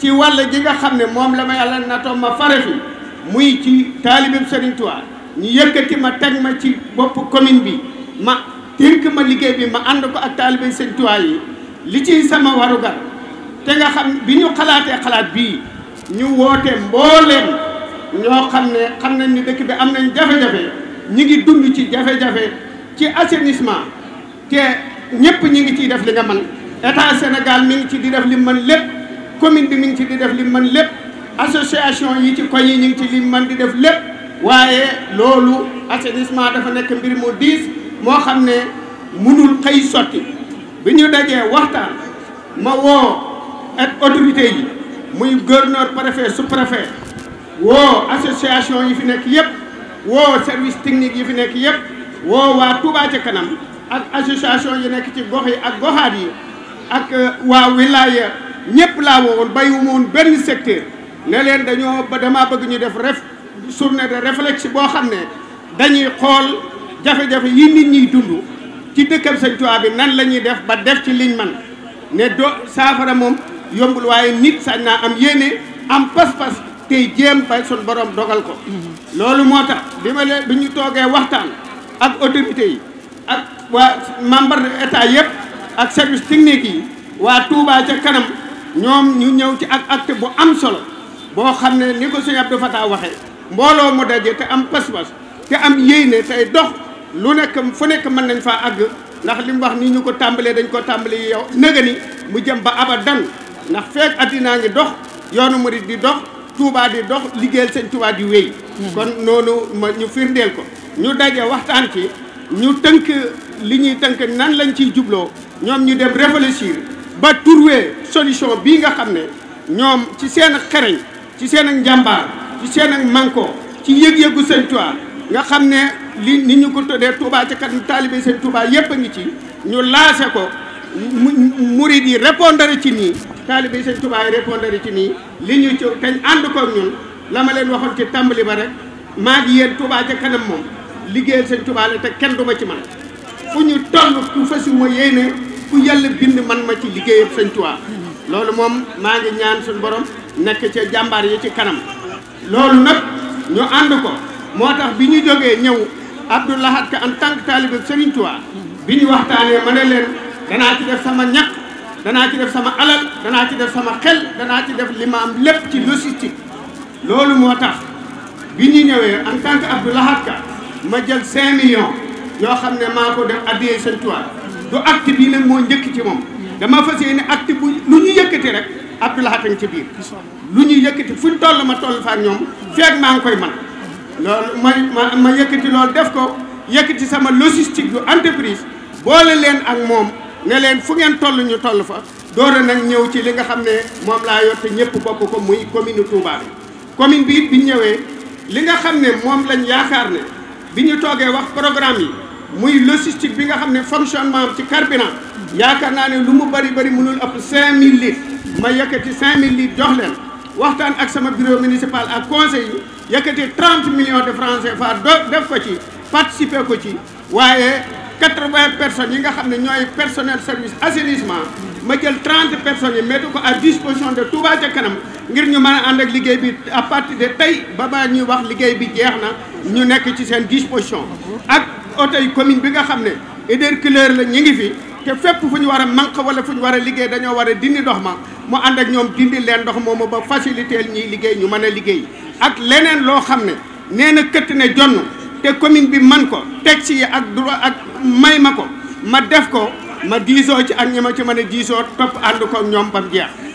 ci wàll gi nga xam ne moom la ma yàlla natoo ma fare fi muy ci taalibeb Serigne Touba ñu yëkkati ma teg ma ci bopp commune bi ma tënk ma liggéey bi ma ànd ko ak taalibeb Serigne Touba yi li ci sama warugar te nga xam bi ñu xalaatee xalaat bii ñu woote mbooleem ñoo xam ne xam nañ ni dëkk bi am nañ jafe-jafe ñi ngi dund ci jafe-jafe ci assainissement te ñëpp ñi ngi ciy def li nga mën état Sénégal mi ci di def li mën lépp commune bi mi ngi ci di def li man lépp association yi ci koñ yi ñu ngi ci li man di def lépp waaye loolu assainissement dafa nekk mbir mu diis moo xam ne munul xëy sotti bi ñu dajee waxtaan ma woo ak autorité yi muy gouverneur préfet sous-préfet woo association yi fi nekk yëpp woo service technique yi fi nekk yëpp woo waa Touba ci kanam ak association yi nekk ci gox ak goxaat yi ak euh, waa wilaya ñëpp laa bay wu woon benn secteur ne dañoo ba damaa bëgg ñu def ref journée de réflexion boo xam ne dañuy xool jafe-jafe yi nit ñiy dund ci dëkkam Sëñ Tuubaa bi nan la ñuy def ba def ci liñ man ne do saafara moom yombul waaye nit saañ naa am yéene am pas-pas tey jéem ba sun borom dogal ko loolu moo tax bi ma leen bi ñu toogee waxtaan ak autorité yi ak waa membre de état yëpp ak service technique yi waa Touba ca kanam ñoom ñu ñëw ci ak acte bu am solo boo xam ne ni ko sëñ Abdou Fatah waxee mbooloo mu daje te am pas-pas te am ne tey dox lu nekk fu nekk mën nañ faa àgg ndax li mu wax nii ñu ko tàmbalee dañ ko tàmbalee yow nëga mu jëm ba abadan ndax feek addinaa ngi dox yoonu murit di dox tuubaa di dox liggéeyal sëñ Touba di wéy hmm. kon noonu ma ñu firndeel ko ñu daje waxtaan ci ñu tënk li ñuy tënk nan lañ ciy jubloo ñoom ñu dem réfléchir ba trouver solution bii nga xam ne ñoom ci seen xereñ ci seen ak njàmbaar ci seen ci yëg-yëgu sëñ nga xam ne li ni ñu ko tuddee Tuubaa ca kanam taalibe seen Tuubaa yépp a ngi ci ñu laase ko murid yi répondre ci nii taalibe sëñ Tuubaa yi répondre ci nii li ñu ci kañ ànd ko ñun la ma leen waxoon ci tàmbali ba rek maa ngi yéen Tuubaa ca kanam moom liggéeyal sëñ Tuubaa la te kenn du ci man fu ñu toll ku fasiwu ma yéene ku yàlla bind man ma ci liggéeyam sëñ Tuubaa loolu moom maa ngi ñaan suñu borom nekk ca jàmbaar yi ci kanam loolu nag ñu ànd ko moo tax bi ñu jogee ñëw Abdou Lahad Ka en tant que taalibe Sëriñ Tuubaa bi ñu waxtaanee ma ne leen danaa ci def sama ñaq danaa ci def sama alal danaa ci def sama xel danaa ci def li ma am lépp ci logistique loolu moo tax bi ñu ñëwee en tant que ma jël 5 millions yoo xam ne maa ko def addiyee Sëriñ Tuubaa du acte bii nag moo njëkk ci moom dama fas yéene acte bu lu ñu yëkkati rek Abdou Lahat ci biir lu ñu yëkkati fuñ toll ma toll fa ak ñoom feeg maa ngi koy man loolu may ma ma yëkkati loolu def ko yëkkati sama logistique yu entreprise boole leen ak moom ne leen fu ngeen toll ñu toll fa doora nag ñëw ci li nga xam ne moom laa yor te ñëpp bokk ko muy commune Touba bi commune bi it bi ñëwee li nga xam ne moom lañ yaakaar ne bi ñu toogee wax programme yi muy logistique bi nga xam ne fonctionnement am ci carburant yaakaar naa ne lu mu bari bari mënul ëpp 5000 litres ma yëkkati 5000 litres jox leen waxtaan ak sama bureau municipal ak conseil yi yëkkati 30 millions de francs CFA do def ko ci participer ko ci waaye 80 personnes yi nga xam ne ñooy personnel service assainissement ma jël 30 personnes yi mettre ko à disposition de Touba ca kanam ngir ñu mën a ànd ak liggéey bi à partir de tey ba ba ñuy wax liggéey bi jeex na ñu nekk ci seen disposition ak. oto yi commune bi nga xam ne éderculaire la ñu ngi fi te fépp fu ñu war a manq wala fu ñu war a liggéey dañoo war a dindi ndox ma mu ànd ak ñoom dindi leen ndox moomu ba faciliter ñiy liggéey ñu mën a liggéey ak leneen loo xam ne nee na këtt ne jonn te commune bi man ko teg ci ak droit ak may ma ko ma def ko ma diisoo ci ak ñi ma ci mën a diisoo topp ànd ko ñoom ba mu jeex